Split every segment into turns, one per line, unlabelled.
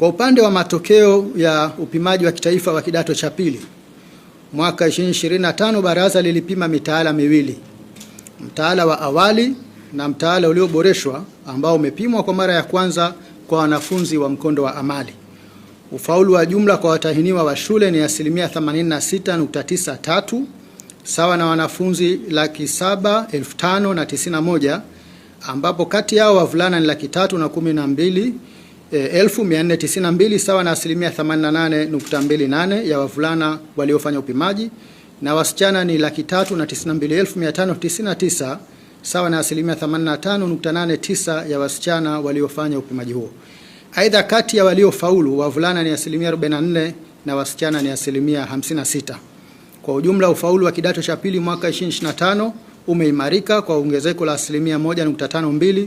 Kwa upande wa matokeo ya upimaji wa kitaifa wa kidato cha pili mwaka 2025, baraza lilipima mitaala miwili, mtaala wa awali na mtaala ulioboreshwa ambao umepimwa kwa mara ya kwanza kwa wanafunzi wa mkondo wa amali. Ufaulu wa jumla kwa watahiniwa wa shule ni asilimia 86.93 sawa na wanafunzi laki saba elfu tano na tisini na moja ambapo kati yao wavulana ni laki tatu na kumi na mbili 1492 eh, sawa na asilimia 88.28 ya wavulana waliofanya upimaji na wasichana ni laki tatu na 92599 sawa na asilimia 85.89 ya wasichana waliofanya upimaji huo. Aidha, kati ya waliofaulu wavulana ni asilimia 44 na wasichana ni asilimia 56. Kwa ujumla ufaulu wa kidato cha pili mwaka 2025 umeimarika kwa ongezeko la asilimia 1.52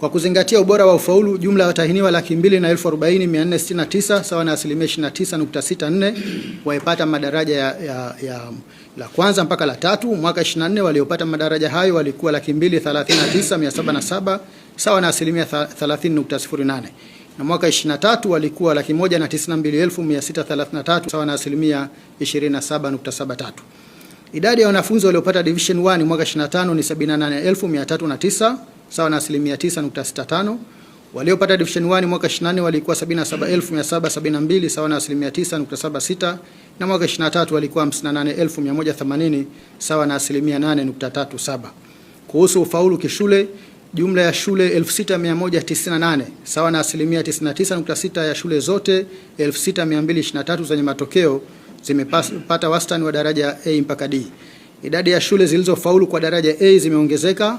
Kwa kuzingatia ubora wa ufaulu, jumla ya watahiniwa laki mbili na elfu arobaini mia nne sitini na tisa sawa na asilimia tisa nukta sita nne waipata madaraja ya, ya, ya la kwanza mpaka la tatu. Mwaka 24 waliopata madaraja hayo walikuwa laki mbili thelathini na tisa mia saba na saba sawa na asilimia nukta sifuri nane na mwaka 23 walikuwa laki moja na tisini na mbili elfu mia sita thelathini na tatu sawa na asilimia ishirini na saba saba nukta tatu. Idadi ya wanafunzi waliopata division 1 mwaka 25 ni 78309 sawa na asilimia 9.65. Waliopata division 1 mwaka 24 walikuwa 77772 sawa na asilimia 9.76, na mwaka 23 walikuwa 58180 sawa na asilimia 8.37. Kuhusu ufaulu kishule, jumla ya shule 6198 sawa na asilimia 99.6 ya shule zote 6223 zenye matokeo zimepata wastani wa daraja A mpaka D. Idadi ya shule zilizofaulu kwa daraja A zimeongezeka